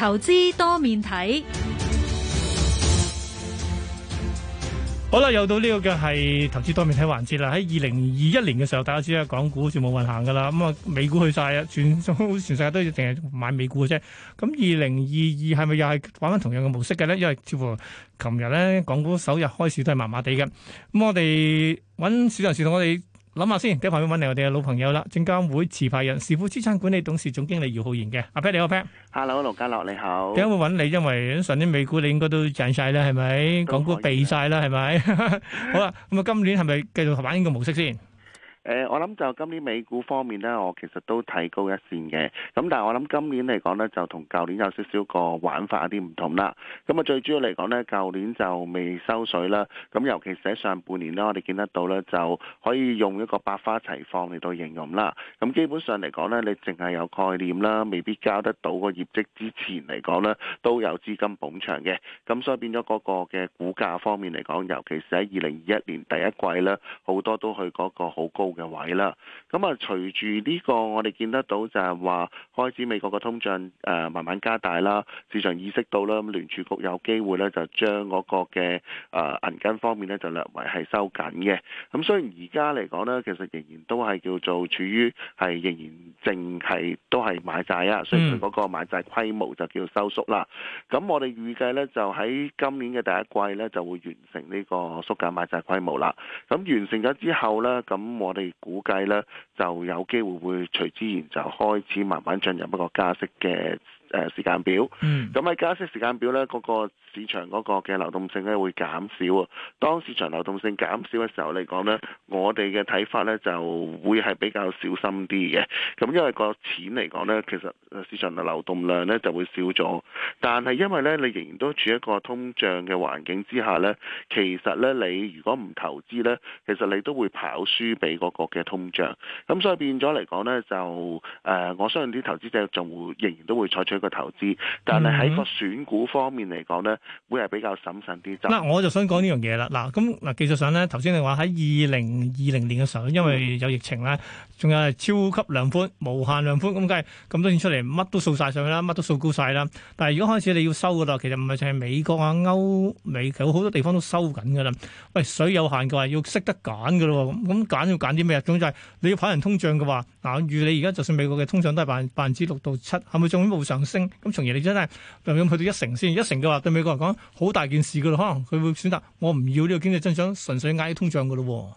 投資多面體，好啦，又到呢個嘅係投資多面體環節啦。喺二零二一年嘅時候，大家知啦，港股好似冇運行噶啦，咁啊美股去晒啦，全全世界都係成日買美股嘅啫。咁二零二二係咪又係玩翻同樣嘅模式嘅咧？因為似乎琴日咧，港股首日開始都係麻麻地嘅。咁我哋揾市場時同我哋。諗下先，啲朋友揾嚟我哋嘅老朋友啦，證監會持牌人、時富資產管理董事總經理姚浩然嘅，阿 Pat 你好 Pat Hello 盧家樂你好，點解會揾你？因為上年美股你應該都賺晒啦，係咪？港股避晒啦，係咪？好啦，咁啊，今年係咪繼續玩呢個模式先？誒、呃，我諗就今年美股方面呢，我其實都睇高一線嘅。咁但係我諗今年嚟講呢，就同舊年有少少個玩法有啲唔同啦。咁啊，最主要嚟講呢，舊年就未收水啦。咁尤其是喺上半年呢，我哋見得到呢，就可以用一個百花齊放嚟到形容啦。咁基本上嚟講呢，你淨係有概念啦，未必交得到個業績之前嚟講呢，都有資金捧場嘅。咁所以變咗嗰個嘅股價方面嚟講，尤其是喺二零二一年第一季呢，好多都去嗰個好高。嘅位啦，咁啊、嗯，隨住呢個我哋見得到就係話開始美國嘅通脹誒慢慢加大啦，市場意識到啦，咁聯儲局有機會咧就將嗰個嘅誒銀根方面咧就略為係收緊嘅。咁雖然而家嚟講咧，其實仍然都係叫做處於係仍然淨係都係買債啊，所以佢嗰個買債規模就叫收縮啦。咁我哋預計咧就喺今年嘅第一季咧就會完成呢個縮減買債規模啦。咁完成咗之後咧，咁我哋估計咧就有機會會隨之而就開始慢慢進入一個加息嘅。誒、呃、時間表，咁、嗯、喺加息時間表呢，嗰、那個市場嗰個嘅流動性呢會減少啊。當市場流動性減少嘅時候嚟講呢，我哋嘅睇法呢就會係比較小心啲嘅。咁因為個錢嚟講呢，其實市場嘅流動量呢就會少咗。但係因為呢，你仍然都處於一個通脹嘅環境之下呢，其實呢，你如果唔投資呢，其實你都會跑輸俾嗰個嘅通脹。咁所以變咗嚟講呢，就誒、呃、我相信啲投資者仲仍然都會採取個投資，嗯、但係喺個選股方面嚟講咧，會係比較審慎啲。嗱，我就想講呢樣嘢啦。嗱，咁嗱，技術上咧，頭先你話喺二零二零年嘅時候，因為有疫情咧，仲有係超級量寬、無限量寬，咁梗係咁多錢出嚟，乜都掃晒上去啦，乜都掃高晒啦。但係如果開始你要收噶啦，其實唔係淨係美國啊、歐美，其實好多地方都收緊噶啦。喂，水有限嘅話，要識得揀噶咯。咁咁揀要揀啲咩？總之就係你要跑人通脹嘅話，嗱，預你而家就算美國嘅通脹都係百分百分之六到七，係咪仲冇上咁，從而你真係，又要去到一成先。一成嘅話，對美國嚟講，好大件事噶咯。可能佢會選擇，我唔要呢個經濟增長，純粹嗌啲通脹噶咯。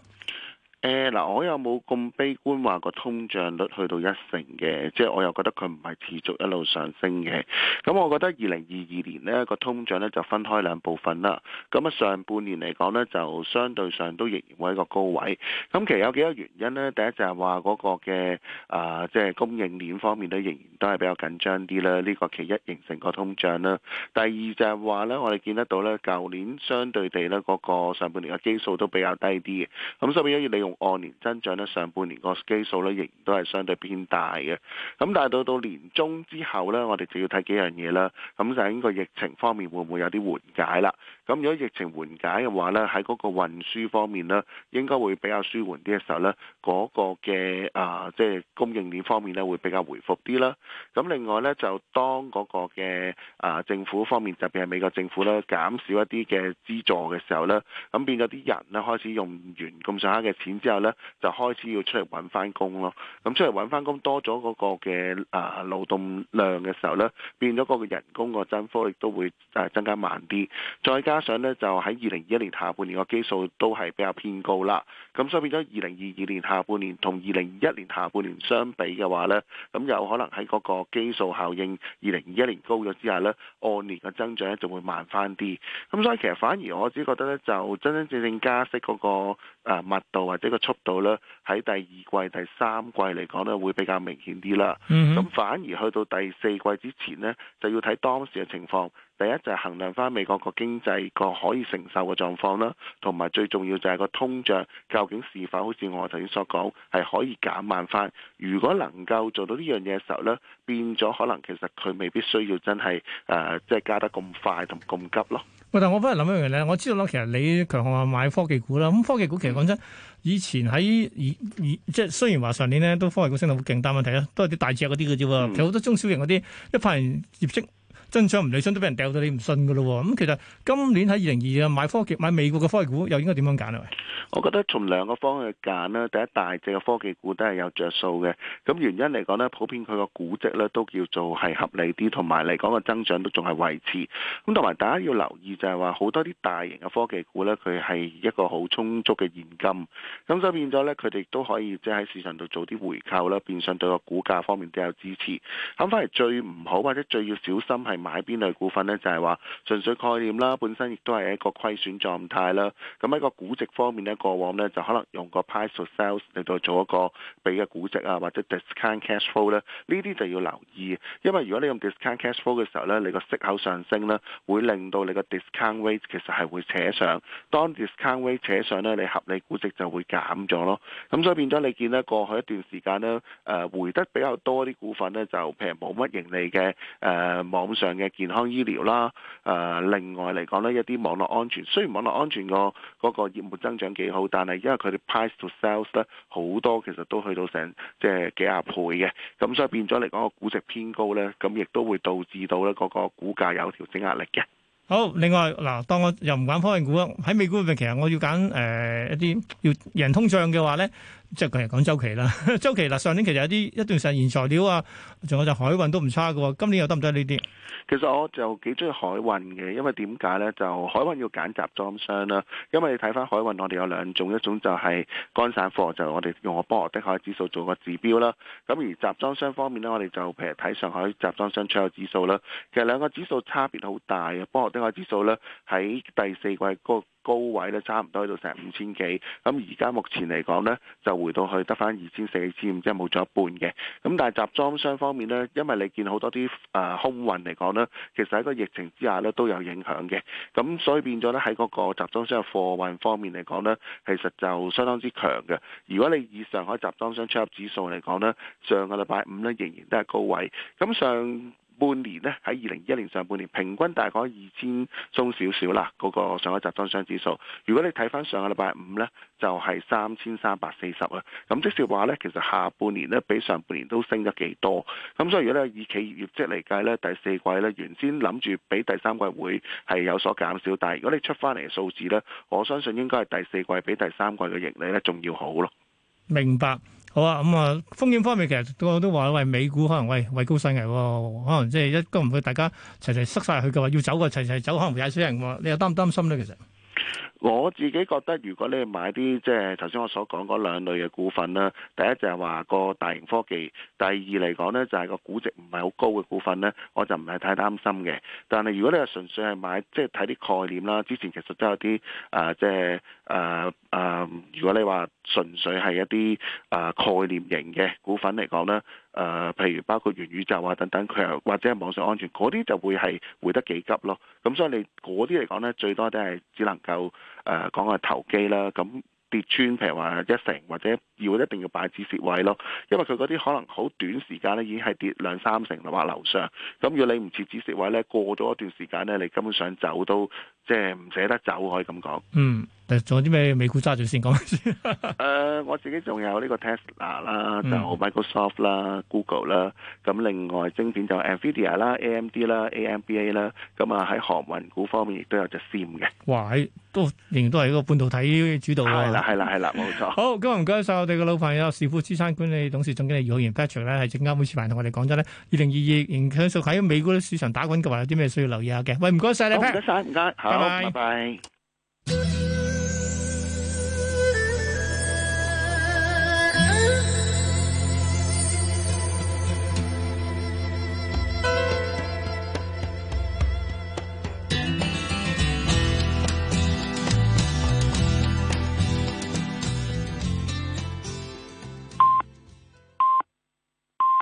誒嗱，我又冇咁悲觀話個通脹率去到一成嘅，即係我又覺得佢唔係持續一路上升嘅。咁我覺得二零二二年呢個通脹咧就分開兩部分啦。咁啊上半年嚟講咧就相對上都仍然喺個高位。咁其實有幾多原因咧？第一就係話嗰個嘅啊，即係供應鏈方面都仍然都係比較緊張啲啦。呢個其一形成個通脹啦。第二就係話咧，我哋見得到咧，舊年相對地咧嗰個上半年嘅基數都比較低啲嘅。咁所以都要利用。按年增長咧，上半年個基數咧仍然都係相對偏大嘅。咁但係到到年中之後咧，我哋就要睇幾樣嘢啦。咁就係呢個疫情方面會唔會有啲緩解啦？咁如果疫情緩解嘅話咧，喺嗰個運輸方面咧，應該會比較舒緩啲嘅時候咧，嗰、那個嘅啊即係、就是、供應鏈方面咧會比較回復啲啦。咁另外咧就當嗰個嘅啊政府方面特別係美國政府咧減少一啲嘅資助嘅時候咧，咁變咗啲人咧開始用完咁上下嘅錢。之後咧就開始要出嚟揾翻工咯，咁出嚟揾翻工多咗嗰個嘅誒勞動量嘅時候咧，變咗嗰個人工個增幅亦都會誒增加慢啲。再加上咧就喺二零二一年下半年個基數都係比較偏高啦，咁所以變咗二零二二年下半年同二零二一年下半年相比嘅話咧，咁有可能喺嗰個基數效應二零二一年高咗之下咧，按年嘅增長咧仲會慢翻啲。咁所以其實反而我自己覺得咧就真真正正加息嗰個。啊，密度或者個速度咧，喺第二季、第三季嚟講咧，會比較明顯啲啦。咁、mm hmm. 反而去到第四季之前咧，就要睇當時嘅情況。第一就係衡量翻美國個經濟個可以承受嘅狀況啦，同埋最重要就係個通脹究竟是否好似我頭先所講係可以減慢翻。如果能夠做到呢樣嘢嘅時候咧，變咗可能其實佢未必需要真係誒，即係、呃、加得咁快同咁急咯。喂，但我反而諗一樣嘢咧，我知道啦，其實你強行買科技股啦，咁科技股其實講真，嗯、以前喺以以即係雖然話上年咧都科技股升到好勁，但問題咧都係啲大隻嗰啲嘅啫喎，其實好多中小型嗰啲一發完業績。增長唔理想都俾人掉咗，你唔信噶咯？咁其實今年喺二零二二啊買科技、買美國嘅科技股又應該點樣揀呢？我覺得從兩個方向揀呢，第一大隻嘅科技股都係有着數嘅。咁原因嚟講呢，普遍佢個估值呢都叫做係合理啲，同埋嚟講個增長都仲係維持。咁同埋大家要留意就係話，好多啲大型嘅科技股呢，佢係一個好充足嘅現金，咁所以變咗呢，佢哋都可以即係喺市場度做啲回購啦，變相對個股價方面都有支持。諗翻嚟最唔好或者最要小心係，買邊類股份咧，就係、是、話純粹概念啦，本身亦都係一個虧損狀態啦。咁喺個估值方面咧，過往咧就可能用個 price to sales 嚟到做一個比嘅估值啊，或者 discount cash flow 咧，呢啲就要留意。因為如果你用 discount cash flow 嘅時候咧，你個息口上升啦，會令到你個 discount rate 其實係會扯上。當 discount rate 扯上咧，你合理估值就會減咗咯。咁所以變咗你見呢，過去一段時間咧，誒回得比較多啲股份咧，就譬如冇乜盈利嘅誒、呃、網上。嘅健康醫療啦，誒、呃、另外嚟講咧，一啲網絡安全，雖然網絡安全個嗰個業務增長幾好，但係因為佢哋 price to sales 得好多，其實都去到成即係幾廿倍嘅，咁所以變咗嚟講個估值偏高咧，咁亦都會導致到咧嗰個股價有調整壓力嘅。好，另外嗱，當我又唔揀科技股，喺美股入邊其實我要揀，誒一啲要贏通脹嘅話咧。即係講講週期， 周期啦，周期啦，上年其實有啲一段實驗材料啊，仲有就海運都唔差嘅喎，今年又得唔得呢啲？其實我就幾中意海運嘅，因為點解咧？就海運要揀集裝箱啦，因為你睇翻海運，我哋有兩種，一種就係乾散貨，就是、我哋用我波羅的海指數做個指標啦。咁而集裝箱方面咧，我哋就譬如睇上海集裝箱出口指數啦。其實兩個指數差別好大啊！波羅的海指數咧喺第四季高、嗰個。高位咧差唔多喺度成五千幾，咁而家目前嚟講咧就回到去得翻二千四千五，即係冇咗一半嘅。咁但係集裝箱方面咧，因為你見好多啲誒空運嚟講咧，其實喺個疫情之下咧都有影響嘅。咁所以變咗咧喺嗰個集裝箱嘅貨運方面嚟講咧，其實就相當之強嘅。如果你以上海集裝箱出入指數嚟講咧，上個禮拜五咧仍然都係高位。咁上半年呢，喺二零二一年上半年平均大概二千中少少啦，嗰個上海集裝箱指數，如果你睇翻上個禮拜五呢，就係三千三百四十啊。咁即是話呢，其實下半年呢，比上半年都升咗幾多。咁所以如果呢以企業業績嚟計呢，第四季呢，原先諗住比第三季會係有所減少，但係如果你出翻嚟嘅數字呢，我相信應該係第四季比第三季嘅盈利呢仲要好咯。明白。好啊，咁、嗯、啊，風險方面其實個個都話喂，美股可能喂位高勢危喎，可、哦、能、哦嗯、即係一個唔會大家齊齊塞晒入去嘅話，要走嘅齊齊走可能會踩死人喎，你又擔唔擔心咧？其實？我自己覺得，如果你買啲即係頭先我所講嗰兩類嘅股份啦，第一就係話個大型科技，第二嚟講呢，就係個估值唔係好高嘅股份呢，我就唔係太擔心嘅。但係如果你係純粹係買即係睇啲概念啦，之前其實都有啲誒、呃，即係誒誒，如果你話純粹係一啲誒、呃、概念型嘅股份嚟講呢。誒、呃，譬如包括元宇宙啊等等，佢又或者係網上安全嗰啲，就會係回得幾急咯。咁所以你嗰啲嚟講咧，最多都係只能夠誒、呃、講係投機啦。咁跌穿譬如話一成，或者要一定要擺止蝕位咯。因為佢嗰啲可能好短時間咧，已經係跌兩三成或樓上。咁如果你唔設止蝕位咧，過咗一段時間咧，你根本想走都即係唔捨得走，可以咁講。嗯。仲有啲咩美股揸住先講先？誒，我自己仲有呢個 Tesla 啦，就 Microsoft 啦、Google 啦，咁另外晶片，就 Nvidia 啦、AMD 啦、AMBA 啦，咁啊喺航運股方面亦都有隻 ZIM 嘅。哇，喺都仍然都係一個半導體主導。係啦，係啦，係啦，冇錯。好，今日唔該晒我哋嘅老朋友，時富資產管理董事總經理姚浩然 Patrick 咧，係陣間，呢次飯同我哋講咗咧，二零二二年繼續喺美股啲市場打滾嘅話，有啲咩需要留意下嘅？喂，唔該晒你。唔該晒，唔該，好，拜拜。